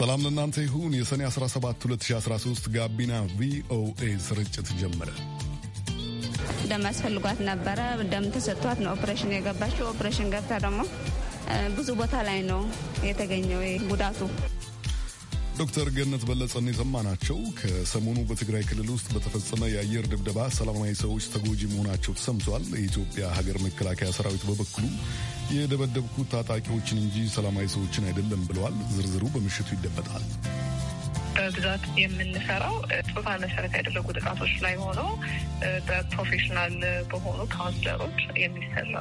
ሰላም ለእናንተ ይሁን። የሰኔ 17 2013 ጋቢና ቪኦኤ ስርጭት ጀመረ። ደም ያስፈልጓት ነበረ። ደም ተሰጥቷት ነው ኦፕሬሽን የገባችው። ኦፕሬሽን ገብታ ደግሞ ብዙ ቦታ ላይ ነው የተገኘው ጉዳቱ። ዶክተር ገነት በለጸን የሰማናቸው ከሰሞኑ በትግራይ ክልል ውስጥ በተፈጸመ የአየር ድብደባ ሰላማዊ ሰዎች ተጎጂ መሆናቸው ተሰምቷል። የኢትዮጵያ ሀገር መከላከያ ሰራዊት በበኩሉ የደበደብኩት ታጣቂዎችን እንጂ ሰላማዊ ሰዎችን አይደለም ብለዋል። ዝርዝሩ በምሽቱ ይደመጣል። በብዛት የምንሰራው ጾታ መሰረት ያደረጉ ጥቃቶች ላይ ሆነው በፕሮፌሽናል በሆኑ ካውንስለሮች የሚሰራ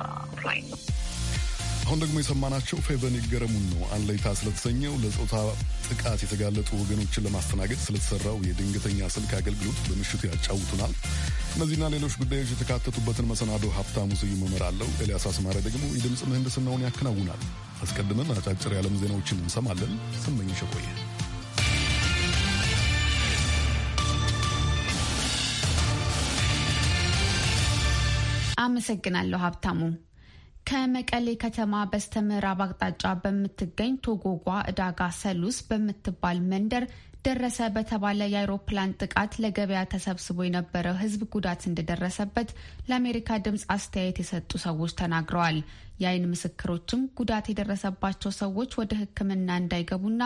ላይ ነው። አሁን ደግሞ የሰማናቸው ፌቨን ይገረሙን ነው። አንለይታ ስለተሰኘው ለጾታ ጥቃት የተጋለጡ ወገኖችን ለማስተናገድ ስለተሰራው የድንገተኛ ስልክ አገልግሎት በምሽቱ ያጫውቱናል። እነዚህና ሌሎች ጉዳዮች የተካተቱበትን መሰናዶ ሀብታሙ ስዩም እመራለሁ። ኤልያስ አስማሪ ደግሞ የድምፅ ምህንድስናውን ያከናውናል። አስቀድመን አጫጭር የዓለም ዜናዎችን እንሰማለን። ስመኝ ሸቆየ አመሰግናለሁ ሀብታሙ። ከመቀሌ ከተማ በስተምዕራብ አቅጣጫ በምትገኝ ቶጎጓ እዳጋ ሰሉስ በምትባል መንደር ደረሰ በተባለ የአይሮፕላን ጥቃት ለገበያ ተሰብስቦ የነበረው ሕዝብ ጉዳት እንደደረሰበት ለአሜሪካ ድምፅ አስተያየት የሰጡ ሰዎች ተናግረዋል። የአይን ምስክሮችም ጉዳት የደረሰባቸው ሰዎች ወደ ሕክምና እንዳይገቡና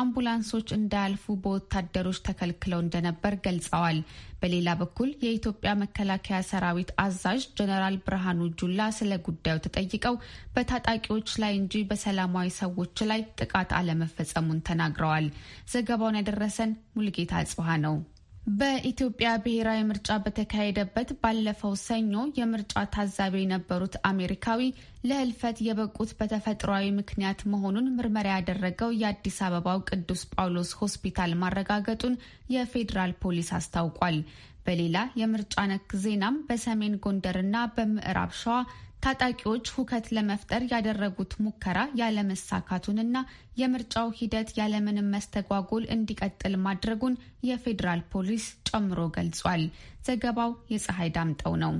አምቡላንሶች እንዳያልፉ በወታደሮች ተከልክለው እንደነበር ገልጸዋል። በሌላ በኩል የኢትዮጵያ መከላከያ ሰራዊት አዛዥ ጀነራል ብርሃኑ ጁላ ስለ ጉዳዩ ተጠይቀው በታጣቂዎች ላይ እንጂ በሰላማዊ ሰዎች ላይ ጥቃት አለመፈጸሙን ተናግረዋል። ዘገባውን ያደረሰን ሙልጌታ ጽሀ ነው። በኢትዮጵያ ብሔራዊ ምርጫ በተካሄደበት ባለፈው ሰኞ የምርጫ ታዛቢ የነበሩት አሜሪካዊ ለህልፈት የበቁት በተፈጥሯዊ ምክንያት መሆኑን ምርመራ ያደረገው የአዲስ አበባው ቅዱስ ጳውሎስ ሆስፒታል ማረጋገጡን የፌዴራል ፖሊስ አስታውቋል። በሌላ የምርጫ ነክ ዜናም በሰሜን ጎንደርና በምዕራብ ሸዋ ታጣቂዎች ሁከት ለመፍጠር ያደረጉት ሙከራ ያለመሳካቱንና የምርጫው ሂደት ያለምንም መስተጓጎል እንዲቀጥል ማድረጉን የፌዴራል ፖሊስ ጨምሮ ገልጿል። ዘገባው የፀሐይ ዳምጠው ነው።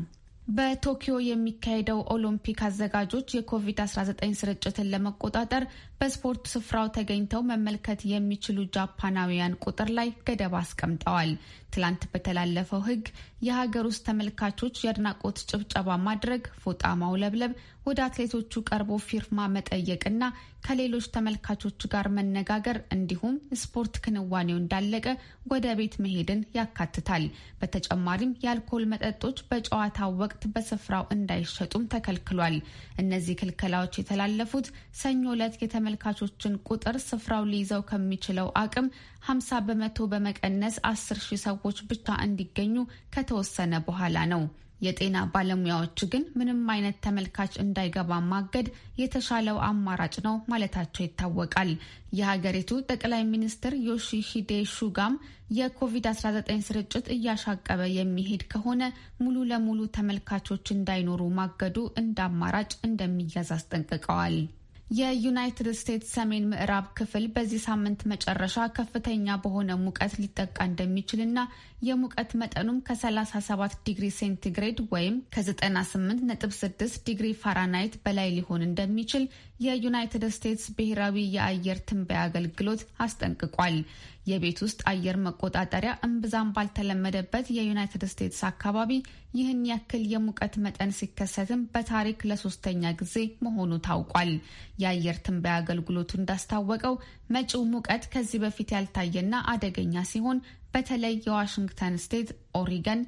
በቶኪዮ የሚካሄደው ኦሎምፒክ አዘጋጆች የኮቪድ-19 ስርጭትን ለመቆጣጠር በስፖርት ስፍራው ተገኝተው መመልከት የሚችሉ ጃፓናውያን ቁጥር ላይ ገደብ አስቀምጠዋል። ትላንት በተላለፈው ሕግ የሀገር ውስጥ ተመልካቾች የአድናቆት ጭብጨባ ማድረግ፣ ፎጣ ማውለብለብ፣ ወደ አትሌቶቹ ቀርቦ ፊርማ መጠየቅና ከሌሎች ተመልካቾች ጋር መነጋገር እንዲሁም ስፖርት ክንዋኔው እንዳለቀ ወደ ቤት መሄድን ያካትታል። በተጨማሪም የአልኮል መጠጦች በጨዋታ ወቅት በስፍራው እንዳይሸጡም ተከልክሏል። እነዚህ ክልከላዎች የተላለፉት ሰኞ ዕለት የተመልካቾችን ቁጥር ስፍራው ሊይዘው ከሚችለው አቅም 50 በመቶ በመቀነስ 10 ሺህ ሰዎች ብቻ እንዲገኙ ከተወሰነ በኋላ ነው። የጤና ባለሙያዎች ግን ምንም አይነት ተመልካች እንዳይገባ ማገድ የተሻለው አማራጭ ነው ማለታቸው ይታወቃል። የሀገሪቱ ጠቅላይ ሚኒስትር ዮሺሂዴ ሹጋም የኮቪድ-19 ስርጭት እያሻቀበ የሚሄድ ከሆነ ሙሉ ለሙሉ ተመልካቾች እንዳይኖሩ ማገዱ እንደ አማራጭ እንደሚያዝ አስጠንቅቀዋል። የዩናይትድ ስቴትስ ሰሜን ምዕራብ ክፍል በዚህ ሳምንት መጨረሻ ከፍተኛ በሆነ ሙቀት ሊጠቃ እንደሚችልና የሙቀት መጠኑም ከ37 ዲግሪ ሴንቲግሬድ ወይም ከ98.6 ዲግሪ ፋራናይት በላይ ሊሆን እንደሚችል የዩናይትድ ስቴትስ ብሔራዊ የአየር ትንበያ አገልግሎት አስጠንቅቋል። የቤት ውስጥ አየር መቆጣጠሪያ እምብዛም ባልተለመደበት የዩናይትድ ስቴትስ አካባቢ ይህን ያክል የሙቀት መጠን ሲከሰትም በታሪክ ለሶስተኛ ጊዜ መሆኑ ታውቋል። የአየር ትንበያ አገልግሎቱ እንዳስታወቀው መጪው ሙቀት ከዚህ በፊት ያልታየና አደገኛ ሲሆን በተለይ የዋሽንግተን ስቴት፣ ኦሪገን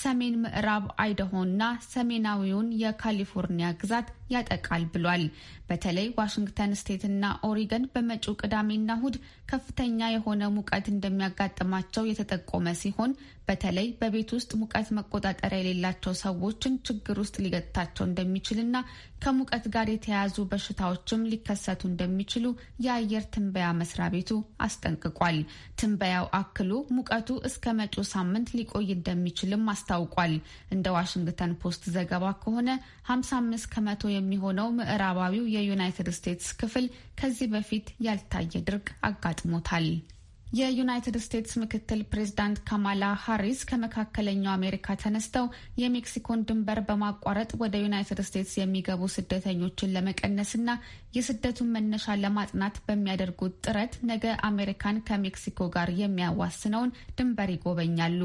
ሰሜን ምዕራብ አይደሆና ሰሜናዊውን የካሊፎርኒያ ግዛት ያጠቃል ብሏል። በተለይ ዋሽንግተን ስቴትና ኦሪገን በመጪው ቅዳሜና እሁድ ከፍተኛ የሆነ ሙቀት እንደሚያጋጥማቸው የተጠቆመ ሲሆን በተለይ በቤት ውስጥ ሙቀት መቆጣጠሪያ የሌላቸው ሰዎችን ችግር ውስጥ ሊገጥታቸው እንደሚችልና ከሙቀት ጋር የተያያዙ በሽታዎችም ሊከሰቱ እንደሚችሉ የአየር ትንበያ መስሪያ ቤቱ አስጠንቅቋል። ትንበያው አክሎ ሙቀቱ እስከ መጪው ሳምንት ሊቆይ እንደሚችልም አስታውቋል። እንደ ዋሽንግተን ፖስት ዘገባ ከሆነ 55 ከመቶ የሚሆነው ምዕራባዊው የዩናይትድ ስቴትስ ክፍል ከዚህ በፊት ያልታየ ድርቅ አጋጥሞታል። የዩናይትድ ስቴትስ ምክትል ፕሬዚዳንት ካማላ ሃሪስ ከመካከለኛው አሜሪካ ተነስተው የሜክሲኮን ድንበር በማቋረጥ ወደ ዩናይትድ ስቴትስ የሚገቡ ስደተኞችን ለመቀነስና የስደቱን መነሻ ለማጥናት በሚያደርጉት ጥረት ነገ አሜሪካን ከሜክሲኮ ጋር የሚያዋስነውን ድንበር ይጎበኛሉ።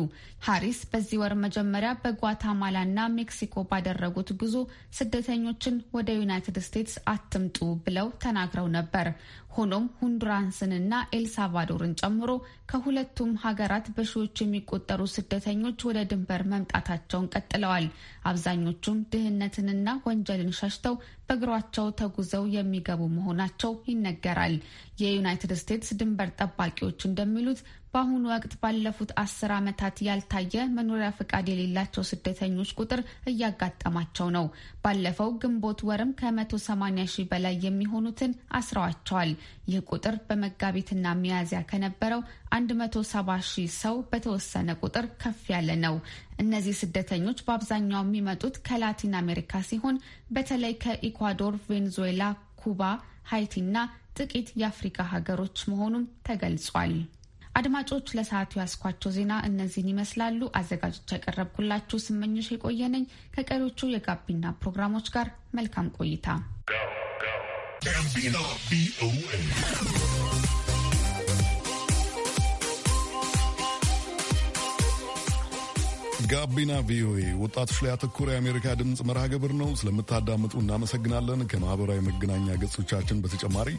ሃሪስ በዚህ ወር መጀመሪያ በጓታማላና ሜክሲኮ ባደረጉት ጉዞ ስደተኞችን ወደ ዩናይትድ ስቴትስ አትምጡ ብለው ተናግረው ነበር። ሆኖም ሁንዱራንስንና ኤልሳልቫዶርን ጨምሮ ከሁለቱም ሀገራት በሺዎች የሚቆጠሩ ስደተኞች ወደ ድንበር መምጣታቸውን ቀጥለዋል። አብዛኞቹም ድህነትንና ወንጀልን ሸሽተው በእግሯቸው ተጉዘው የሚገቡ መሆናቸው ይነገራል። የዩናይትድ ስቴትስ ድንበር ጠባቂዎች እንደሚሉት በአሁኑ ወቅት ባለፉት አስር ዓመታት ያልታየ መኖሪያ ፈቃድ የሌላቸው ስደተኞች ቁጥር እያጋጠማቸው ነው። ባለፈው ግንቦት ወርም ከ180 ሺህ በላይ የሚሆኑትን አስረዋቸዋል። ይህ ቁጥር በመጋቢትና ሚያዝያ ከነበረው 170 ሺህ ሰው በተወሰነ ቁጥር ከፍ ያለ ነው። እነዚህ ስደተኞች በአብዛኛው የሚመጡት ከላቲን አሜሪካ ሲሆን በተለይ ከኢኳዶር፣ ቬንዙዌላ፣ ኩባ፣ ሃይቲ እና ጥቂት የአፍሪካ ሀገሮች መሆኑም ተገልጿል። አድማጮች ለሰዓቱ ያስኳቸው ዜና እነዚህን ይመስላሉ። አዘጋጆች ያቀረብኩላችሁ ስመኞሽ የቆየነኝ ከቀሪዎቹ የጋቢና ፕሮግራሞች ጋር መልካም ቆይታ። ጋቢና ቪኦኤ ወጣቶች ላይ ያተኮረ የአሜሪካ ድምፅ መርሃ ግብር ነው። ስለምታዳምጡ እናመሰግናለን። ከማህበራዊ መገናኛ ገጾቻችን በተጨማሪ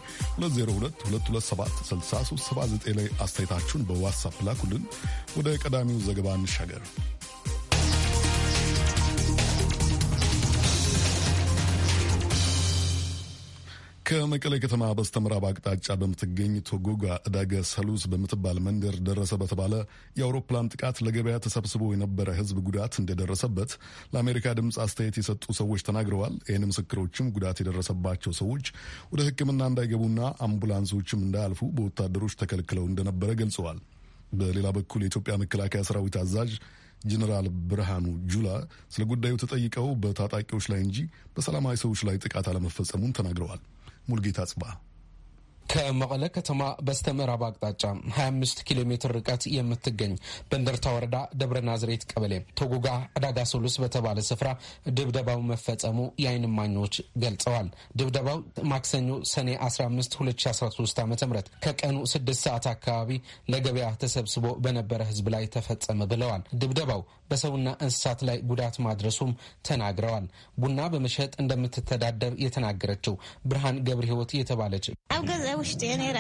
2022276379 ላይ አስተያየታችሁን በዋትሳፕ ላኩልን። ወደ ቀዳሚው ዘገባ እንሻገር። ከመቀሌ ከተማ በስተምዕራብ አቅጣጫ በምትገኝ ቶጎጋ እዳገ ሰሉስ በምትባል መንደር ደረሰ በተባለ የአውሮፕላን ጥቃት ለገበያ ተሰብስቦ የነበረ ሕዝብ ጉዳት እንደደረሰበት ለአሜሪካ ድምፅ አስተያየት የሰጡ ሰዎች ተናግረዋል። ይህን ምስክሮችም ጉዳት የደረሰባቸው ሰዎች ወደ ሕክምና እንዳይገቡና አምቡላንሶችም እንዳያልፉ በወታደሮች ተከልክለው እንደነበረ ገልጸዋል። በሌላ በኩል የኢትዮጵያ መከላከያ ሰራዊት አዛዥ ጀኔራል ብርሃኑ ጁላ ስለ ጉዳዩ ተጠይቀው በታጣቂዎች ላይ እንጂ በሰላማዊ ሰዎች ላይ ጥቃት አለመፈጸሙን ተናግረዋል። ሙልጌታ ጽባ ከመቀለ ከተማ በስተ ምዕራብ አቅጣጫ 25 ኪሎ ሜትር ርቀት የምትገኝ በንደርታ ወረዳ ደብረ ናዝሬት ቀበሌ ቶጉጋ ዕዳጋ ሶሉስ በተባለ ስፍራ ድብደባው መፈጸሙ የአይንማኞች እማኞች ገልጸዋል። ድብደባው ማክሰኞ ሰኔ 15 2013 ዓ ም ከቀኑ 6 ሰዓት አካባቢ ለገበያ ተሰብስቦ በነበረ ህዝብ ላይ ተፈጸመ ብለዋል። ድብደባው በሰውና እንስሳት ላይ ጉዳት ማድረሱም ተናግረዋል። ቡና በመሸጥ እንደምትተዳደር የተናገረችው ብርሃን ገብረ ህይወት የተባለች ውሽጢ ነይረ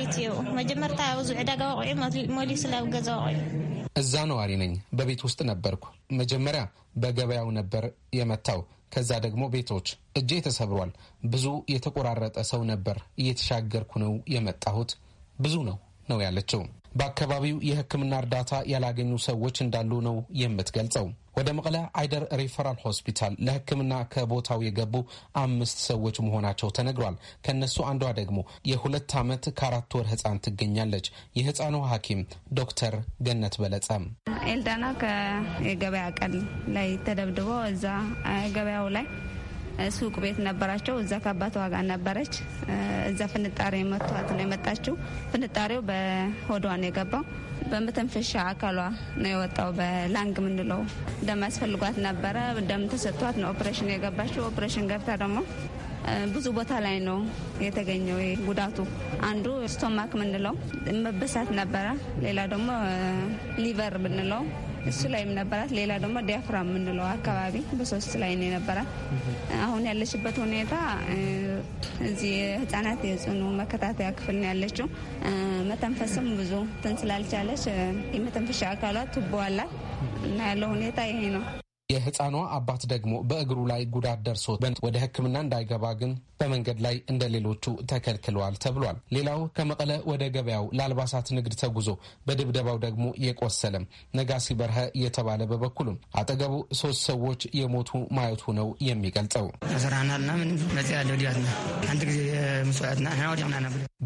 እዩ መጀመርታ ኣብዚ ዕዳጋ ናብ ገዛ እዛ ነዋሪ ነኝ። በቤት ውስጥ ነበርኩ። መጀመሪያ በገበያው ነበር የመታው። ከዛ ደግሞ ቤቶች እጄ ተሰብሯል። ብዙ የተቆራረጠ ሰው ነበር። እየተሻገርኩ ነው የመጣሁት። ብዙ ነው ነው ያለችው። በአካባቢው የሕክምና እርዳታ ያላገኙ ሰዎች እንዳሉ ነው የምትገልጸው። ወደ መቀለ አይደር ሪፈራል ሆስፒታል ለሕክምና ከቦታው የገቡ አምስት ሰዎች መሆናቸው ተነግሯል። ከነሱ አንዷ ደግሞ የሁለት ዓመት ከአራት ወር ሕፃን ትገኛለች። የሕፃኗ ሐኪም ዶክተር ገነት በለጸ ኤልዳና ከገበያ ቀን ላይ ተደብድቦ እዛ ገበያው ላይ ሱቅ ቤት ነበራቸው። እዛ ከአባት ዋጋ ነበረች። እዛ ፍንጣሬ መቷት ነው የመጣችው። ፍንጣሬው በሆዷ ነው የገባው። በመተንፈሻ አካሏ ነው የወጣው። በላንግ ምንለው ደም ነበረ። ደም ተሰጥቷት ነው ኦፕሬሽን የገባችው። ኦፕሬሽን ገብታ ደግሞ ብዙ ቦታ ላይ ነው የተገኘው ጉዳቱ። አንዱ ስቶማክ ምንለው መበሳት ነበረ። ሌላ ደግሞ ሊቨር ምንለው። እሱ ላይም ነበራት። ሌላ ደግሞ ዲያፍራ የምንለው አካባቢ በሶስት ላይ ነው የነበራት። አሁን ያለችበት ሁኔታ እዚህ ህጻናት የጽኑ መከታተያ ክፍል ነው ያለችው። መተንፈስም ብዙ እንትን ስላልቻለች የመተንፈሻ አካሏት ቱቦ አላት እና ያለው ሁኔታ ይሄ ነው። የህፃኗ አባት ደግሞ በእግሩ ላይ ጉዳት ደርሶ ወደ ሕክምና እንዳይገባ ግን በመንገድ ላይ እንደ ሌሎቹ ተከልክለዋል ተብሏል። ሌላው ከመቀለ ወደ ገበያው ለአልባሳት ንግድ ተጉዞ በድብደባው ደግሞ የቆሰለም ነጋሲ በርሀ የተባለ በበኩሉም አጠገቡ ሶስት ሰዎች የሞቱ ማየቱ ነው የሚገልጸው።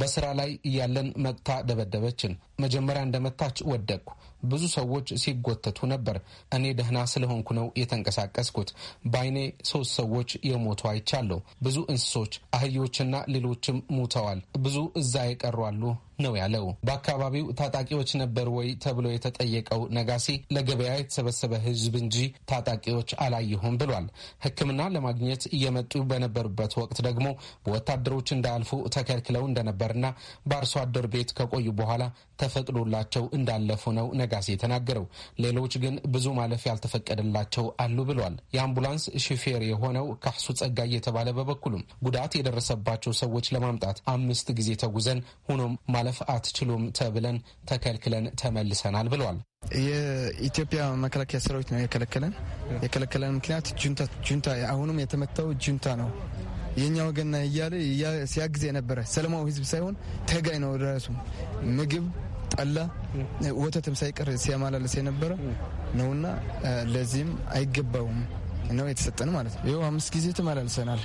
በስራ ላይ እያለን መጥታ ደበደበችን። መጀመሪያ እንደመታች ወደቅኩ። ብዙ ሰዎች ሲጎተቱ ነበር። እኔ ደህና ስለሆንኩ ነው የተንቀሳቀስኩት። በአይኔ ሶስት ሰዎች የሞቱ አይቻለሁ። ብዙ እንስሶ ነፍሶች፣ አህዮችና ሌሎችም ሙተዋል ብዙ እዛ የቀሩ አሉ። ነው ያለው። በአካባቢው ታጣቂዎች ነበር ወይ ተብሎ የተጠየቀው ነጋሲ ለገበያ የተሰበሰበ ህዝብ እንጂ ታጣቂዎች አላየሁም ብሏል። ሕክምና ለማግኘት እየመጡ በነበሩበት ወቅት ደግሞ በወታደሮች እንዳያልፉ ተከልክለው እንደነበርና በአርሶ አደር ቤት ከቆዩ በኋላ ተፈቅዶላቸው እንዳለፉ ነው ነጋሴ የተናገረው። ሌሎች ግን ብዙ ማለፍ ያልተፈቀደላቸው አሉ ብሏል። የአምቡላንስ ሹፌር የሆነው ካሱ ጸጋይ የተባለ በበኩሉም ጉዳት የደረሰባቸው ሰዎች ለማምጣት አምስት ጊዜ ተጉዘን ሆኖም ማለ ማለፍ አትችሉም ተብለን ተከልክለን ተመልሰናል ብሏል። የኢትዮጵያ መከላከያ ሰራዊት ነው የከለከለን። የከለከለን ምክንያት ጁንታ አሁንም የተመታው ጁንታ ነው የእኛ ወገና እያለ ሲያግዝ የነበረ ሰለማዊ ህዝብ ሳይሆን ተጋይ ነው። ራሱ ምግብ፣ ጠላ፣ ወተትም ሳይቀር ሲያመላልስ የነበረ ነውና ለዚህም አይገባውም ነው የተሰጠን ማለት ነው። ይኸው አምስት ጊዜ ተመላልሰናል።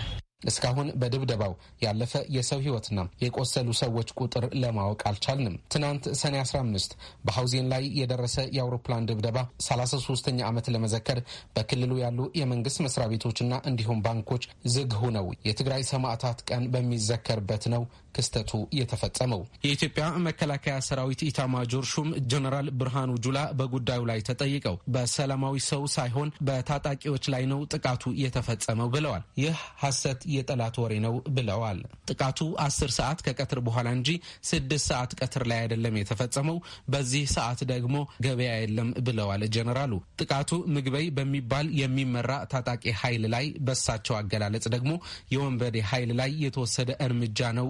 እስካሁን በድብደባው ያለፈ የሰው ህይወትና የቆሰሉ ሰዎች ቁጥር ለማወቅ አልቻልንም። ትናንት ሰኔ 15 በሐውዜን ላይ የደረሰ የአውሮፕላን ድብደባ 33ኛ ዓመት ለመዘከር በክልሉ ያሉ የመንግስት መስሪያ ቤቶችና እንዲሁም ባንኮች ዝግ ሆነው የትግራይ ሰማዕታት ቀን በሚዘከርበት ነው ክስተቱ የተፈጸመው። የኢትዮጵያ መከላከያ ሰራዊት ኢታማጆር ሹም ጀነራል ብርሃኑ ጁላ በጉዳዩ ላይ ተጠይቀው በሰላማዊ ሰው ሳይሆን በታጣቂዎች ላይ ነው ጥቃቱ የተፈጸመው ብለዋል። ይህ ሀሰት የጠላት ወሬ ነው ብለዋል። ጥቃቱ አስር ሰዓት ከቀትር በኋላ እንጂ ስድስት ሰዓት ቀትር ላይ አይደለም የተፈጸመው። በዚህ ሰዓት ደግሞ ገበያ የለም ብለዋል ጀኔራሉ። ጥቃቱ ምግበይ በሚባል የሚመራ ታጣቂ ኃይል ላይ በሳቸው አገላለጽ ደግሞ የወንበዴ ኃይል ላይ የተወሰደ እርምጃ ነው፣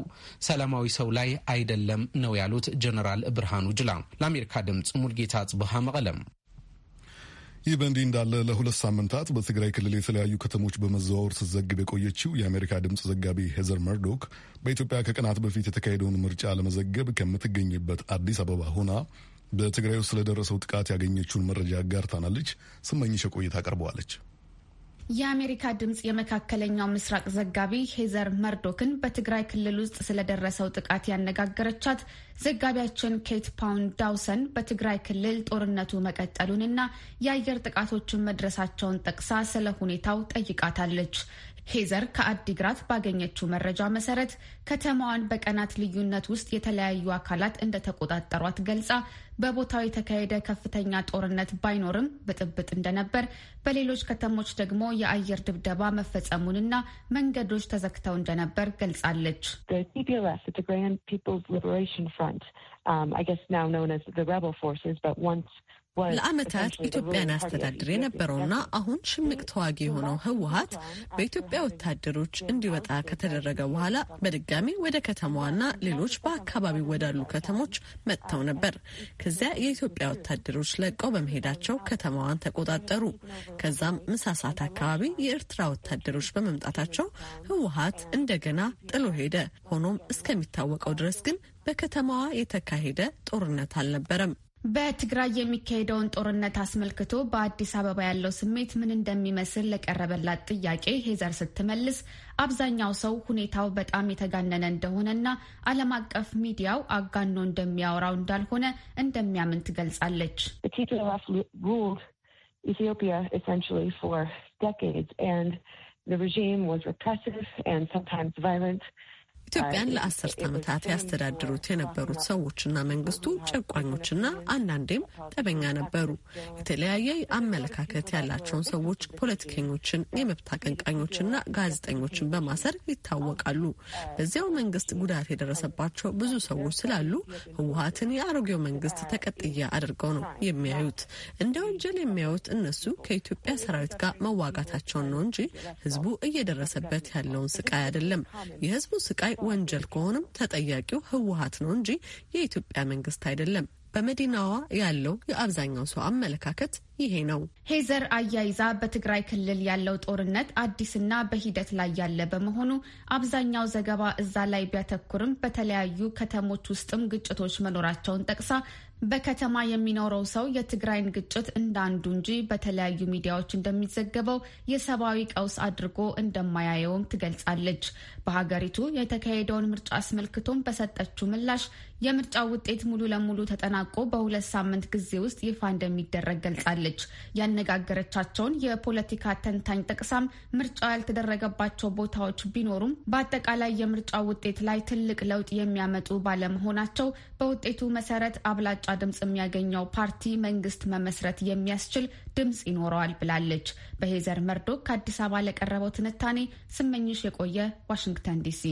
ሰላማዊ ሰው ላይ አይደለም ነው ያሉት ጀኔራል ብርሃኑ ጅላ። ለአሜሪካ ድምፅ ሙልጌታ ጽቡሃ መቀለም ይህ በእንዲህ እንዳለ ለሁለት ሳምንታት በትግራይ ክልል የተለያዩ ከተሞች በመዘዋወር ስትዘግብ የቆየችው የአሜሪካ ድምፅ ዘጋቢ ሄዘር መርዶክ በኢትዮጵያ ከቀናት በፊት የተካሄደውን ምርጫ ለመዘገብ ከምትገኝበት አዲስ አበባ ሆና በትግራይ ውስጥ ስለደረሰው ጥቃት ያገኘችውን መረጃ አጋርታናለች። ስመኝሸ ቆይታ አቀርበዋለች። የአሜሪካ ድምፅ የመካከለኛው ምስራቅ ዘጋቢ ሄዘር መርዶክን በትግራይ ክልል ውስጥ ስለደረሰው ጥቃት ያነጋገረቻት ዘጋቢያችን ኬት ፓውን ዳውሰን በትግራይ ክልል ጦርነቱ መቀጠሉንና የአየር ጥቃቶችን መድረሳቸውን ጠቅሳ ስለ ሁኔታው ጠይቃታለች። ሄዘር ከአዲግራት ባገኘችው መረጃ መሰረት ከተማዋን በቀናት ልዩነት ውስጥ የተለያዩ አካላት እንደተቆጣጠሯት ገልጻ በቦታው የተካሄደ ከፍተኛ ጦርነት ባይኖርም ብጥብጥ እንደነበር፣ በሌሎች ከተሞች ደግሞ የአየር ድብደባ መፈጸሙንና መንገዶች ተዘግተው እንደነበር ገልጻለች። ለዓመታት ኢትዮጵያን አስተዳድር የነበረውና አሁን ሽምቅ ተዋጊ የሆነው ህወሀት በኢትዮጵያ ወታደሮች እንዲወጣ ከተደረገ በኋላ በድጋሚ ወደ ከተማዋና ሌሎች በአካባቢው ወዳሉ ከተሞች መጥተው ነበር። ከዚያ የኢትዮጵያ ወታደሮች ለቀው በመሄዳቸው ከተማዋን ተቆጣጠሩ። ከዛም ምሳ ሰዓት አካባቢ የኤርትራ ወታደሮች በመምጣታቸው ህወሀት እንደገና ጥሎ ሄደ። ሆኖም እስከሚታወቀው ድረስ ግን በከተማዋ የተካሄደ ጦርነት አልነበረም። በትግራይ የሚካሄደውን ጦርነት አስመልክቶ በአዲስ አበባ ያለው ስሜት ምን እንደሚመስል ለቀረበላት ጥያቄ ሄዘር ስትመልስ አብዛኛው ሰው ሁኔታው በጣም የተጋነነ እንደሆነና ዓለም አቀፍ ሚዲያው አጋኖ እንደሚያወራው እንዳልሆነ እንደሚያምን ትገልጻለች። ኢትዮጵያ essentially for decades and ኢትዮጵያን ለአስርት ዓመታት ያስተዳድሩት የነበሩት ሰዎችና መንግስቱ ጨቋኞችና አንዳንዴም ጠበኛ ነበሩ። የተለያየ አመለካከት ያላቸውን ሰዎች፣ ፖለቲከኞችን፣ የመብት አቀንቃኞችና ጋዜጠኞችን በማሰር ይታወቃሉ። በዚያው መንግስት ጉዳት የደረሰባቸው ብዙ ሰዎች ስላሉ ህወሀትን የአሮጌው መንግስት ተቀጥያ አድርገው ነው የሚያዩት። እንደ ወንጀል የሚያዩት እነሱ ከኢትዮጵያ ሰራዊት ጋር መዋጋታቸውን ነው እንጂ ህዝቡ እየደረሰበት ያለውን ስቃይ አይደለም። የህዝቡ ስቃይ ወንጀል ከሆነም ተጠያቂው ህወሀት ነው እንጂ የኢትዮጵያ መንግስት አይደለም። በመዲናዋ ያለው የአብዛኛው ሰው አመለካከት ይሄ ነው። ሄዘር አያይዛ በትግራይ ክልል ያለው ጦርነት አዲስና በሂደት ላይ ያለ በመሆኑ አብዛኛው ዘገባ እዛ ላይ ቢያተኩርም በተለያዩ ከተሞች ውስጥም ግጭቶች መኖራቸውን ጠቅሳ በከተማ የሚኖረው ሰው የትግራይን ግጭት እንዳንዱ እንጂ በተለያዩ ሚዲያዎች እንደሚዘገበው የሰብአዊ ቀውስ አድርጎ እንደማያየውም ትገልጻለች። በሀገሪቱ የተካሄደውን ምርጫ አስመልክቶም በሰጠችው ምላሽ የምርጫ ውጤት ሙሉ ለሙሉ ተጠናቆ በሁለት ሳምንት ጊዜ ውስጥ ይፋ እንደሚደረግ ገልጻለች። ያነጋገረቻቸውን የፖለቲካ ተንታኝ ጠቅሳም ምርጫ ያልተደረገባቸው ቦታዎች ቢኖሩም በአጠቃላይ የምርጫ ውጤት ላይ ትልቅ ለውጥ የሚያመጡ ባለመሆናቸው በውጤቱ መሰረት አብላጫ ድምፅ የሚያገኘው ፓርቲ መንግስት መመስረት የሚያስችል ድምፅ ይኖረዋል ብላለች። በሄዘር መርዶክ ከአዲስ አበባ ለቀረበው ትንታኔ ስመኝሽ የቆየ ዋሽንግተን ዲሲ።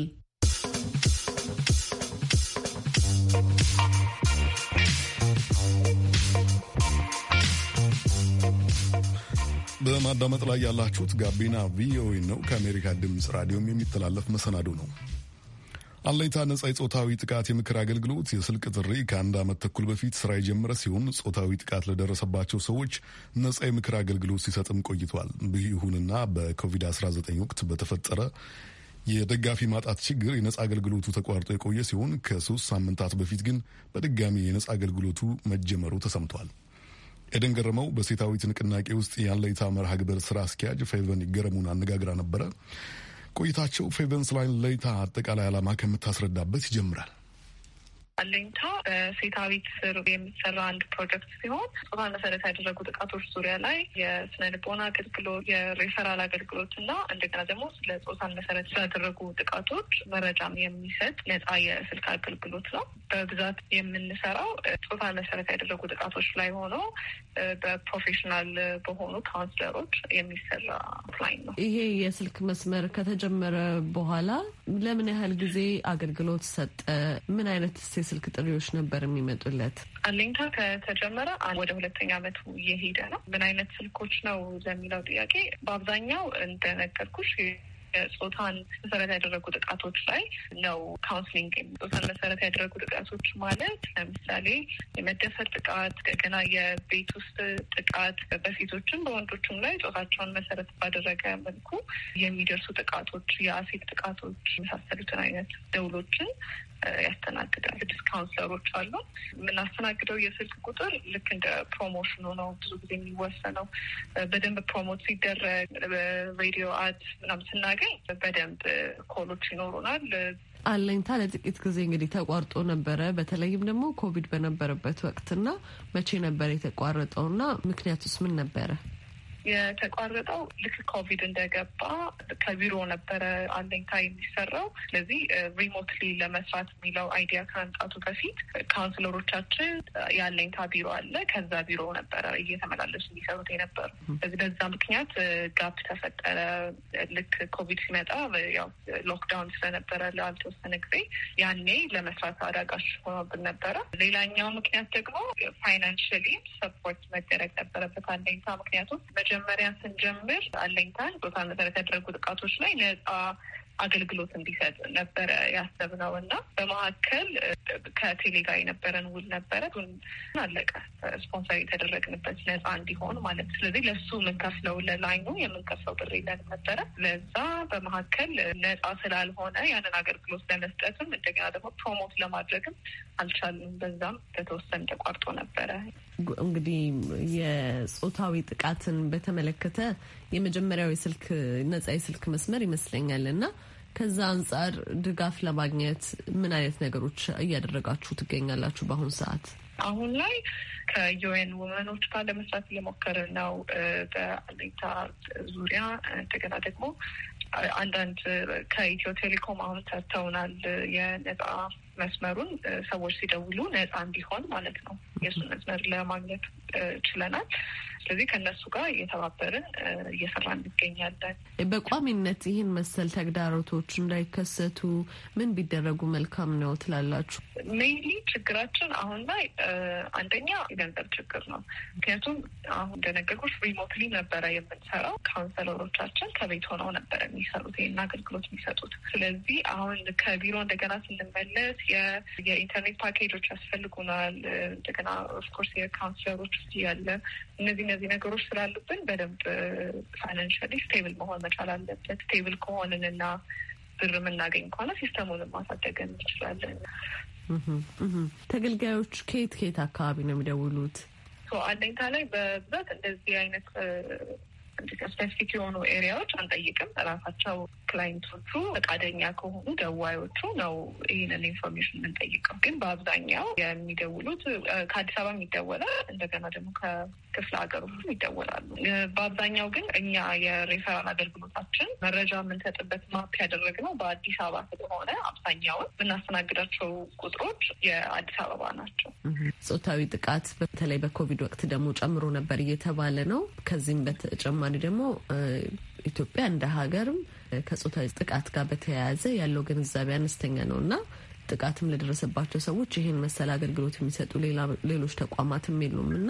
በማዳመጥ ላይ ያላችሁት ጋቢና ቪኦኤ ነው። ከአሜሪካ ድምፅ ራዲዮም የሚተላለፍ መሰናዶ ነው። አለይታ ነጻ የጾታዊ ጥቃት የምክር አገልግሎት የስልክ ጥሪ ከአንድ ዓመት ተኩል በፊት ስራ የጀመረ ሲሆን ጾታዊ ጥቃት ለደረሰባቸው ሰዎች ነጻ የምክር አገልግሎት ሲሰጥም ቆይቷል። ይሁንና በኮቪድ-19 ወቅት በተፈጠረ የደጋፊ ማጣት ችግር የነጻ አገልግሎቱ ተቋርጦ የቆየ ሲሆን ከሶስት ሳምንታት በፊት ግን በድጋሚ የነጻ አገልግሎቱ መጀመሩ ተሰምቷል። ኤደን ገረመው በሴታዊት ንቅናቄ ውስጥ የአለይታ መርሃ ግብር ስራ አስኪያጅ ፌቨን ገረሙን አነጋግራ ነበረ። ቆይታቸው ፌቨንስ ላይን ለይታ አጠቃላይ ዓላማ ከምታስረዳበት ይጀምራል። አለኝታ ቤት ስር የሚሰራ አንድ ፕሮጀክት ሲሆን ጾታን መሰረት ያደረጉ ጥቃቶች ዙሪያ ላይ የስነ ልቦና አገልግሎት፣ የሬፈራል አገልግሎት እና እንደገና ደግሞ ስለ ጾታን መሰረት ስላደረጉ ጥቃቶች መረጃም የሚሰጥ ነጻ የስልክ አገልግሎት ነው። በብዛት የምንሰራው ጾታን መሰረት ያደረጉ ጥቃቶች ላይ ሆኖ በፕሮፌሽናል በሆኑ ካውንስለሮች የሚሰራ ኦፍላይን ነው። ይሄ የስልክ መስመር ከተጀመረ በኋላ ለምን ያህል ጊዜ አገልግሎት ሰጠ? ምን አይነት የስልክ ጥሪዎች ነበር የሚመጡለት? አለኝታ ከተጀመረ ወደ ሁለተኛ አመቱ እየሄደ ነው። ምን አይነት ስልኮች ነው ለሚለው ጥያቄ በአብዛኛው እንደነገርኩሽ ጾታን መሰረት ያደረጉ ጥቃቶች ላይ ነው ካውንስሊንግ። ጾታን መሰረት ያደረጉ ጥቃቶች ማለት ለምሳሌ የመደፈር ጥቃት፣ ገና የቤት ውስጥ ጥቃት፣ በሴቶችም በወንዶችም ላይ ጾታቸውን መሰረት ባደረገ መልኩ የሚደርሱ ጥቃቶች፣ የአሴት ጥቃቶች የመሳሰሉትን አይነት ደውሎችን ያስተናግዳል። ስድስት ካውንስለሮች አሉ። የምናስተናግደው የስልክ ቁጥር ልክ እንደ ፕሮሞሽኑ ነው ብዙ ጊዜ የሚወሰነው። በደንብ ፕሮሞት ሲደረግ ሬዲዮ አድ ምናምን ስናገኝ በደንብ ኮሎች ይኖሩናል። አለኝታ ለጥቂት ጊዜ እንግዲህ ተቋርጦ ነበረ። በተለይም ደግሞ ኮቪድ በነበረበት ወቅትና መቼ ነበረ የተቋረጠውና ምክንያቱስ ምን ነበረ? የተቋረጠው ልክ ኮቪድ እንደገባ ከቢሮ ነበረ አለኝታ የሚሰራው። ስለዚህ ሪሞትሊ ለመስራት የሚለው አይዲያ ከመምጣቱ በፊት ካውንስለሮቻችን የአለኝታ ቢሮ አለ፣ ከዛ ቢሮ ነበረ እየተመላለሱ የሚሰሩት የነበሩ። ስለዚህ በዛ ምክንያት ጋፕ ተፈጠረ። ልክ ኮቪድ ሲመጣ ያው ሎክዳውን ስለነበረ ለአልተወሰነ ጊዜ ያኔ ለመስራት አዳጋች ሆኖብን ነበረ። ሌላኛው ምክንያት ደግሞ ፋይናንሽሊ ሰፖርት መደረግ ነበረበት አለኝታ ምክንያቱም መጀመሪያ ስንጀምር አለኝታን ጾታን መሰረት ያደረጉ ጥቃቶች ላይ ነጻ አገልግሎት እንዲሰጥ ነበረ ያሰብነው እና በመካከል ከቴሌ ጋር የነበረን ውል ነበረ አለቀ። ስፖንሰር የተደረግንበት ነጻ እንዲሆን ማለት ስለዚህ ለሱ የምንከፍለው ለላይኑ የምንከፍለው ብር የለን ነበረ። ለዛ በመካከል ነፃ ስላልሆነ ያንን አገልግሎት ለመስጠትም እንደገና ደግሞ ፕሮሞት ለማድረግም አልቻልንም። በዛም በተወሰን ተቋርጦ ነበረ። እንግዲህ የጾታዊ ጥቃትን በተመለከተ የመጀመሪያው የስልክ ነጻ የስልክ መስመር ይመስለኛል እና ከዛ አንጻር ድጋፍ ለማግኘት ምን አይነት ነገሮች እያደረጋችሁ ትገኛላችሁ በአሁኑ ሰዓት? አሁን ላይ ከዩኤን ወመኖች ጋር ለመስራት እየሞከረ ነው በአለኝታ ዙሪያ። እንደገና ደግሞ አንዳንድ ከኢትዮ ቴሌኮም አሁን ተተውናል? የነጻ መስመሩን ሰዎች ሲደውሉ ነፃ እንዲሆን ማለት ነው። የእሱን መስመር ለማግኘት ችለናል። ስለዚህ ከእነሱ ጋር እየተባበርን እየሰራ እንገኛለን። በቋሚነት ይህን መሰል ተግዳሮቶች እንዳይከሰቱ ምን ቢደረጉ መልካም ነው ትላላችሁ? ሜይሊ ችግራችን አሁን ላይ አንደኛ የገንዘብ ችግር ነው። ምክንያቱም አሁን እንደነገርኩሽ ሪሞትሊ ነበረ የምንሰራው። ካውንሰለሮቻችን ከቤት ሆነው ነበረ የሚሰሩት ይህን አገልግሎት የሚሰጡት። ስለዚህ አሁን ከቢሮ እንደገና ስንመለስ የኢንተርኔት ፓኬጆች ያስፈልጉናል። እንደገና ኦፍኮርስ የካውንሰለሮች ያለ እነዚህ እነዚህ ነገሮች ስላሉብን በደንብ ፋይናንሻሊ ስቴብል መሆን መቻል አለበት። ስቴብል ከሆንን እና ብር የምናገኝ ከሆነ ሲስተሙን ማሳደግ እንችላለን። ተገልጋዮች ከየት ከየት አካባቢ ነው የሚደውሉት? አለኝታ ላይ በብዛት እንደዚህ አይነት ስፔሲፊክ የሆኑ ኤሪያዎች አንጠይቅም። ራሳቸው ክላይንቶቹ ፈቃደኛ ከሆኑ ደዋዮቹ ነው ይህንን ኢንፎርሜሽን የምንጠይቀው። ግን በአብዛኛው የሚደውሉት ከአዲስ አበባ ይደወላል፣ እንደገና ደግሞ ከክፍለ ሀገሮች ይደወላሉ። በአብዛኛው ግን እኛ የሬፈራል አገልግሎታችን መረጃ የምንሰጥበት ማፕ ያደረግነው በአዲስ አበባ ስለሆነ አብዛኛውን የምናስተናግዳቸው ቁጥሮች የአዲስ አበባ ናቸው። ጾታዊ ጥቃት በተለይ በኮቪድ ወቅት ደግሞ ጨምሮ ነበር እየተባለ ነው። ከዚህም በተጨማሪ ደግሞ ኢትዮጵያ እንደ ሀገርም ከጾታዊ ጥቃት ጋር በተያያዘ ያለው ግንዛቤ አነስተኛ ነው እና ጥቃትም ለደረሰባቸው ሰዎች ይህን መሰል አገልግሎት የሚሰጡ ሌሎች ተቋማትም የሉም እና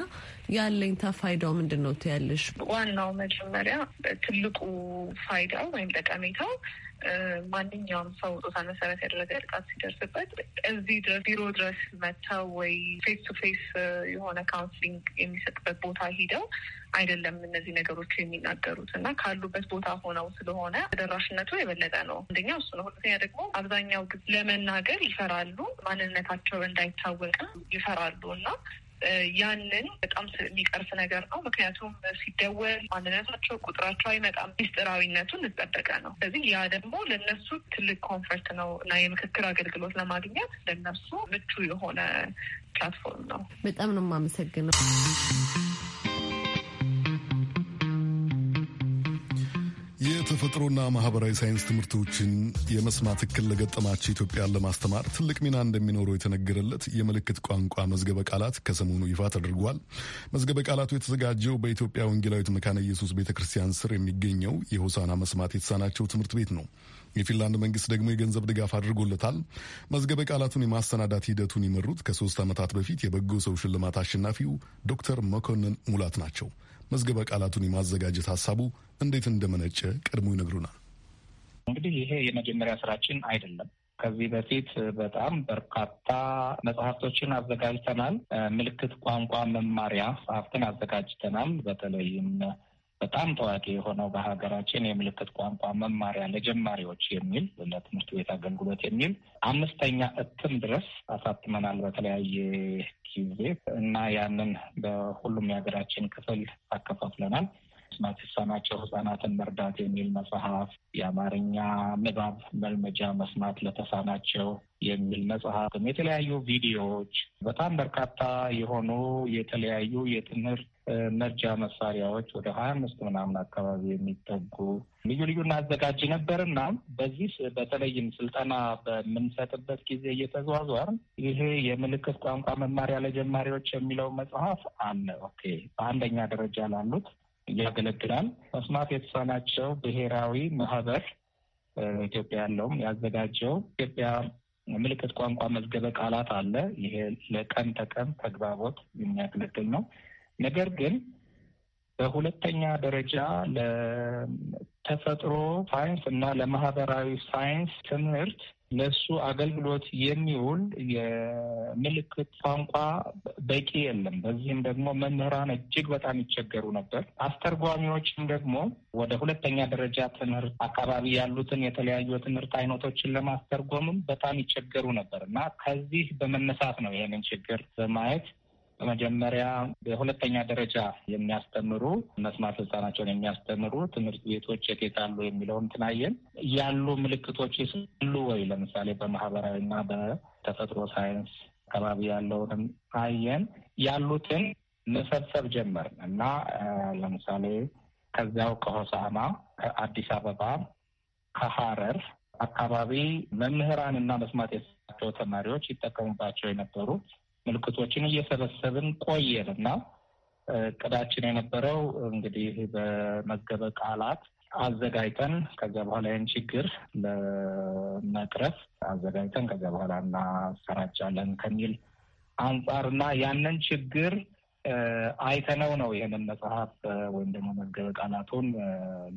ያለኝታ ፋይዳው ምንድን ነው ትያለሽ? ዋናው መጀመሪያ ትልቁ ፋይዳው ወይም ጠቀሜታው ማንኛውም ሰው ጾታን መሰረት ያደረገ ጥቃት ሲደርስበት እዚህ ድረስ ቢሮ ድረስ መጥተው ወይ ፌስ ቱ ፌስ የሆነ ካውንስሊንግ የሚሰጥበት ቦታ ሂደው አይደለም እነዚህ ነገሮች የሚናገሩት እና ካሉበት ቦታ ሆነው ስለሆነ ተደራሽነቱ የበለጠ ነው። አንደኛ እሱ ነው። ሁለተኛ ደግሞ አብዛኛው ለመናገር ይፈራሉ። ማንነታቸው እንዳይታወቅ ይፈራሉ እና ያንን በጣም የሚቀርስ ነገር ነው። ምክንያቱም ሲደወል ማንነታቸው፣ ቁጥራቸው አይመጣም። ሚስጥራዊነቱን እንጠበቀ ነው። ስለዚህ ያ ደግሞ ለነሱ ትልቅ ኮንፈርት ነው እና የምክክር አገልግሎት ለማግኘት ለነሱ ምቹ የሆነ ፕላትፎርም ነው። በጣም ነው የማመሰግነው። የተፈጥሮና ማህበራዊ ሳይንስ ትምህርቶችን የመስማት እክል ለገጠማቸው ኢትዮጵያን ለማስተማር ትልቅ ሚና እንደሚኖረው የተነገረለት የምልክት ቋንቋ መዝገበ ቃላት ከሰሞኑ ይፋ ተደርጓል። መዝገበ ቃላቱ የተዘጋጀው በኢትዮጵያ ወንጌላዊት መካነ ኢየሱስ ቤተ ክርስቲያን ስር የሚገኘው የሆሳና መስማት የተሳናቸው ትምህርት ቤት ነው። የፊንላንድ መንግስት ደግሞ የገንዘብ ድጋፍ አድርጎለታል። መዝገበ ቃላቱን የማሰናዳት ሂደቱን የመሩት ከሶስት ዓመታት በፊት የበጎ ሰው ሽልማት አሸናፊው ዶክተር መኮንን ሙላት ናቸው። መዝገበ ቃላቱን የማዘጋጀት ሀሳቡ እንዴት እንደመነጨ ቀድሞ ይነግሩናል። እንግዲህ ይሄ የመጀመሪያ ስራችን አይደለም። ከዚህ በፊት በጣም በርካታ መጽሐፍቶችን አዘጋጅተናል። ምልክት ቋንቋ መማሪያ መጽሐፍትን አዘጋጅተናል። በተለይም በጣም ታዋቂ የሆነው በሀገራችን የምልክት ቋንቋ መማሪያ ለጀማሪዎች የሚል ለትምህርት ቤት አገልግሎት የሚል አምስተኛ እትም ድረስ አሳትመናል በተለያየ ጊዜ እና ያንን በሁሉም የሀገራችን ክፍል አከፋፍለናል። መስማት ሲሳናቸው ህጻናትን መርዳት የሚል መጽሐፍ፣ የአማርኛ ንባብ መልመጃ መስማት ለተሳናቸው የሚል መጽሐፍ፣ የተለያዩ ቪዲዮዎች፣ በጣም በርካታ የሆኑ የተለያዩ የትምህርት መርጃ መሳሪያዎች ወደ ሀያ አምስት ምናምን አካባቢ የሚጠጉ ልዩ ልዩ እናዘጋጅ ነበርና በዚህ በተለይም ስልጠና በምንሰጥበት ጊዜ እየተዟዟር ይሄ የምልክት ቋንቋ መማሪያ ለጀማሪዎች የሚለው መጽሐፍ አነ ኦኬ በአንደኛ ደረጃ ላሉት ያገለግላል። መስማት የተሳናቸው ብሔራዊ ማህበር ኢትዮጵያ ያለውም ያዘጋጀው ኢትዮጵያ ምልክት ቋንቋ መዝገበ ቃላት አለ። ይሄ ለቀን ተቀን ተግባቦት የሚያገለግል ነው። ነገር ግን በሁለተኛ ደረጃ ለተፈጥሮ ሳይንስ እና ለማህበራዊ ሳይንስ ትምህርት ለሱ አገልግሎት የሚውል የምልክት ቋንቋ በቂ የለም። በዚህም ደግሞ መምህራን እጅግ በጣም ይቸገሩ ነበር። አስተርጓሚዎችም ደግሞ ወደ ሁለተኛ ደረጃ ትምህርት አካባቢ ያሉትን የተለያዩ የትምህርት አይነቶችን ለማስተርጎምም በጣም ይቸገሩ ነበር እና ከዚህ በመነሳት ነው ይህንን ችግር በማየት በመጀመሪያ በሁለተኛ ደረጃ የሚያስተምሩ መስማት ስልጣናቸውን የሚያስተምሩ ትምህርት ቤቶች የት አሉ የሚለውን ትናየን ያሉ ምልክቶች ይስሉ ወይ? ለምሳሌ በማህበራዊ በማህበራዊና በተፈጥሮ ሳይንስ አካባቢ ያለውንም አየን። ያሉትን መሰብሰብ ጀመር እና ለምሳሌ ከዚያው ከሆሳማ፣ ከአዲስ አበባ፣ ከሀረር አካባቢ መምህራን እና መስማት የተሳናቸው ተማሪዎች ይጠቀሙባቸው የነበሩት ምልክቶችን እየሰበሰብን ቆየን እና እቅዳችን የነበረው እንግዲህ በመገበ ቃላት አዘጋጅተን ከዚያ በኋላ ይህን ችግር ለመቅረፍ አዘጋጅተን ከዚያ በኋላ እናሰራጫለን ከሚል አንጻርና ያንን ችግር አይተነው ነው ይህንን መጽሐፍ ወይም ደግሞ መዝገበ ቃላቱን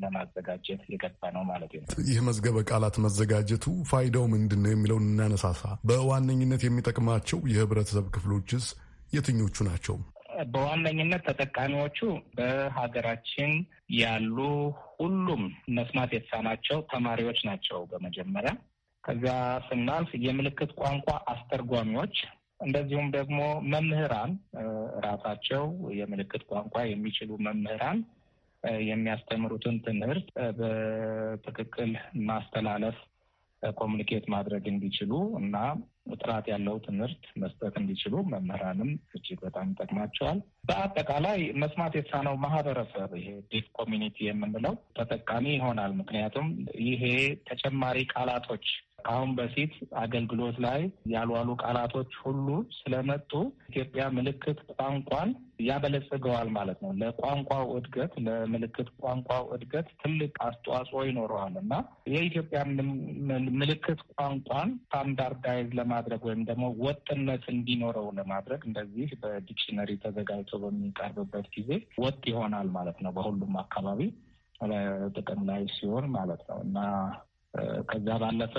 ለማዘጋጀት የገባ ነው ማለት ነው። ይህ መዝገበ ቃላት መዘጋጀቱ ፋይዳው ምንድን ነው የሚለውን እናነሳሳ። በዋነኝነት የሚጠቅማቸው የህብረተሰብ ክፍሎችስ የትኞቹ ናቸው? በዋነኝነት ተጠቃሚዎቹ በሀገራችን ያሉ ሁሉም መስማት የተሳናቸው ተማሪዎች ናቸው በመጀመሪያ ከዚያ ስናልፍ የምልክት ቋንቋ አስተርጓሚዎች እንደዚሁም ደግሞ መምህራን ራሳቸው የምልክት ቋንቋ የሚችሉ መምህራን የሚያስተምሩትን ትምህርት በትክክል ማስተላለፍ ኮሚኒኬት ማድረግ እንዲችሉ እና ጥራት ያለው ትምህርት መስጠት እንዲችሉ መምህራንም እጅግ በጣም ይጠቅማቸዋል። በአጠቃላይ መስማት የተሳነው ማህበረሰብ ይሄ ዲፍ ኮሚኒቲ የምንለው ተጠቃሚ ይሆናል። ምክንያቱም ይሄ ተጨማሪ ቃላቶች ከአሁን በፊት አገልግሎት ላይ ያልዋሉ ቃላቶች ሁሉ ስለመጡ ኢትዮጵያ ምልክት ቋንቋን ያበለጽገዋል ማለት ነው። ለቋንቋው እድገት ለምልክት ቋንቋው እድገት ትልቅ አስተዋጽኦ ይኖረዋል እና የኢትዮጵያ ምልክት ቋንቋን ስታንዳርዳይዝ ለማድረግ ወይም ደግሞ ወጥነት እንዲኖረው ለማድረግ እንደዚህ በዲክሽነሪ ተዘጋጅቶ በሚቀርብበት ጊዜ ወጥ ይሆናል ማለት ነው። በሁሉም አካባቢ ጥቅም ላይ ሲሆን ማለት ነው እና ከዛ ባለፈ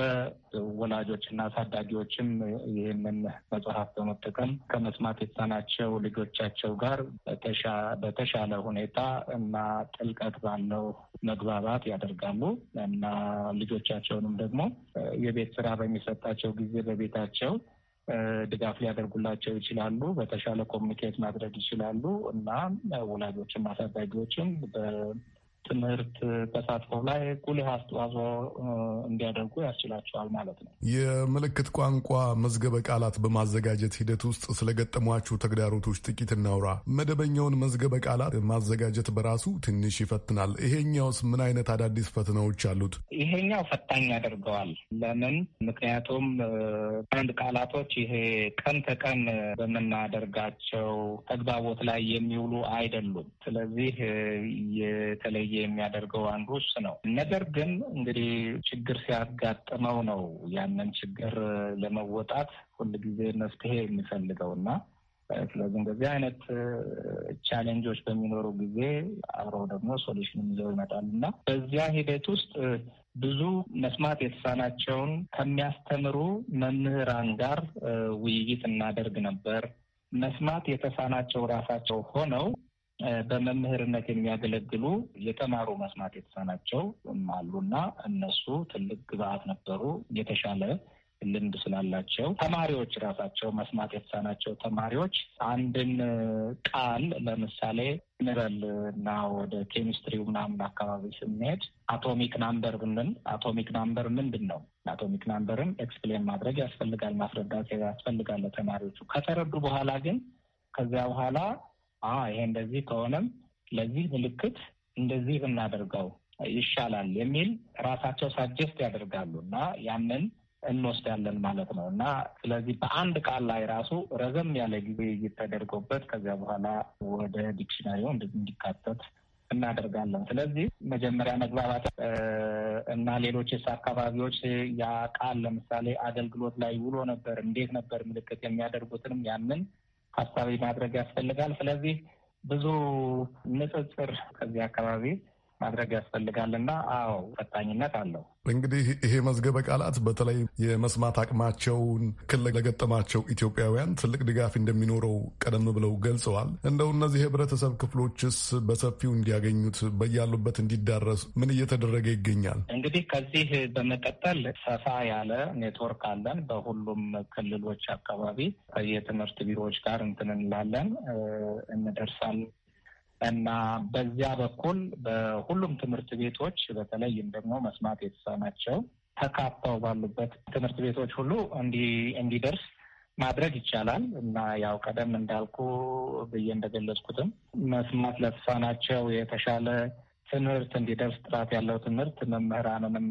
ወላጆችና አሳዳጊዎችም ይህንን መጽሐፍ በመጠቀም ከመስማት የተሳናቸው ልጆቻቸው ጋር በተሻለ ሁኔታ እና ጥልቀት ባለው መግባባት ያደርጋሉ እና ልጆቻቸውንም ደግሞ የቤት ስራ በሚሰጣቸው ጊዜ በቤታቸው ድጋፍ ሊያደርጉላቸው ይችላሉ። በተሻለ ኮሚኒኬት ማድረግ ይችላሉ እና ወላጆችም አሳዳጊዎችም ትምህርት ተሳትፎ ላይ ጉልህ አስተዋጽኦ እንዲያደርጉ ያስችላቸዋል ማለት ነው። የምልክት ቋንቋ መዝገበ ቃላት በማዘጋጀት ሂደት ውስጥ ስለገጠሟችሁ ተግዳሮቶች ጥቂት እናውራ። መደበኛውን መዝገበ ቃላት ማዘጋጀት በራሱ ትንሽ ይፈትናል። ይሄኛውስ ምን አይነት አዳዲስ ፈተናዎች አሉት? ይሄኛው ፈታኝ ያደርገዋል። ለምን? ምክንያቱም አንድ ቃላቶች ይሄ ቀን ተቀን በምናደርጋቸው ተግባቦት ላይ የሚውሉ አይደሉም። ስለዚህ የተለየ የሚያደርገው አንዱ እሱ ነው። ነገር ግን እንግዲህ ችግር ሲያጋጥመው ነው ያንን ችግር ለመወጣት ሁልጊዜ መፍትሄ የሚፈልገው እና ስለዚህ እንደዚህ አይነት ቻሌንጆች በሚኖሩ ጊዜ አብረው ደግሞ ሶሉሽን ይዘው ይመጣል እና በዚያ ሂደት ውስጥ ብዙ መስማት የተሳናቸውን ከሚያስተምሩ መምህራን ጋር ውይይት እናደርግ ነበር። መስማት የተሳናቸው ራሳቸው ሆነው በመምህርነት የሚያገለግሉ የተማሩ መስማት የተሳናቸው አሉና እነሱ ትልቅ ግብአት ነበሩ። የተሻለ ልምድ ስላላቸው ተማሪዎች ራሳቸው መስማት የተሳናቸው ተማሪዎች አንድን ቃል ለምሳሌ ንበል እና ወደ ኬሚስትሪው ምናምን አካባቢ ስንሄድ አቶሚክ ናምበር ብንል አቶሚክ ናምበር ምንድን ነው? አቶሚክ ናምበርን ኤክስፕሌን ማድረግ ያስፈልጋል፣ ማስረዳት ያስፈልጋል ለተማሪዎቹ ከተረዱ በኋላ ግን ከዚያ በኋላ ይሄ እንደዚህ ከሆነም ለዚህ ምልክት እንደዚህ ብናደርገው ይሻላል የሚል ራሳቸው ሳጀስት ያደርጋሉ እና ያንን እንወስዳለን ማለት ነው እና ስለዚህ በአንድ ቃል ላይ ራሱ ረዘም ያለ ጊዜ እየተደርጎበት ከዚያ በኋላ ወደ ዲክሽናሪው እንዲካተት እናደርጋለን። ስለዚህ መጀመሪያ መግባባት እና ሌሎችስ አካባቢዎች ያ ቃል ለምሳሌ አገልግሎት ላይ ውሎ ነበር፣ እንዴት ነበር ምልክት የሚያደርጉትንም ያንን ታሳቢ ማድረግ ያስፈልጋል። ስለዚህ ብዙ ንጽጽር ከዚህ አካባቢ ማድረግ ያስፈልጋልና አዎ ፈጣኝነት አለው። እንግዲህ ይሄ መዝገበ ቃላት በተለይ የመስማት አቅማቸውን ክል ለገጠማቸው ኢትዮጵያውያን ትልቅ ድጋፍ እንደሚኖረው ቀደም ብለው ገልጸዋል። እንደው እነዚህ የህብረተሰብ ክፍሎችስ በሰፊው እንዲያገኙት በያሉበት እንዲዳረሱ ምን እየተደረገ ይገኛል? እንግዲህ ከዚህ በመቀጠል ሰፋ ያለ ኔትወርክ አለን። በሁሉም ክልሎች አካባቢ ከየትምህርት ቢሮዎች ጋር እንትን እንላለን እንደርሳለን እና በዚያ በኩል በሁሉም ትምህርት ቤቶች በተለይም ደግሞ መስማት የተሳናቸው ተካተው ባሉበት ትምህርት ቤቶች ሁሉ እንዲደርስ ማድረግ ይቻላል እና ያው ቀደም እንዳልኩ ብዬ እንደገለጽኩትም መስማት ለተሳናቸው የተሻለ ትምህርት እንዲደርስ ጥራት ያለው ትምህርት መምህራንንም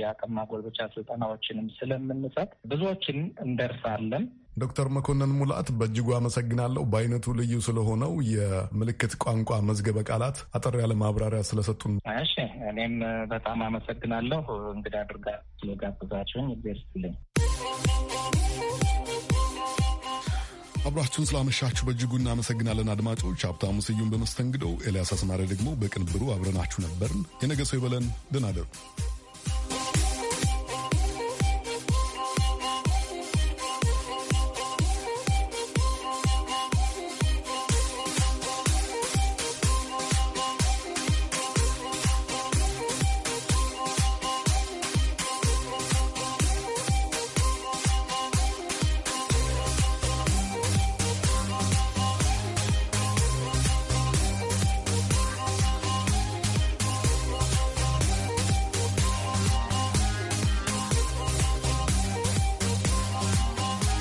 የአቅም ማጎልበቻ ስልጠናዎችንም ስለምንሰጥ ብዙዎችን እንደርሳለን። ዶክተር መኮንን ሙላት በእጅጉ አመሰግናለሁ። በአይነቱ ልዩ ስለሆነው የምልክት ቋንቋ መዝገበ ቃላት አጠር ያለ ማብራሪያ ስለሰጡን። እሺ፣ እኔም በጣም አመሰግናለሁ እንግዳ አድርጋ ስለጋብዛችሁኝ። እግዜር ይስጥልኝ። አብራችሁን ስላመሻችሁ በእጅጉ እናመሰግናለን አድማጮች። ሀብታሙ ስዩን በመስተንግዶው፣ ኤልያስ አስማሪ ደግሞ በቅንብሩ አብረናችሁ ነበርን። የነገ ሰው ይበለን። ደህና እደሩ።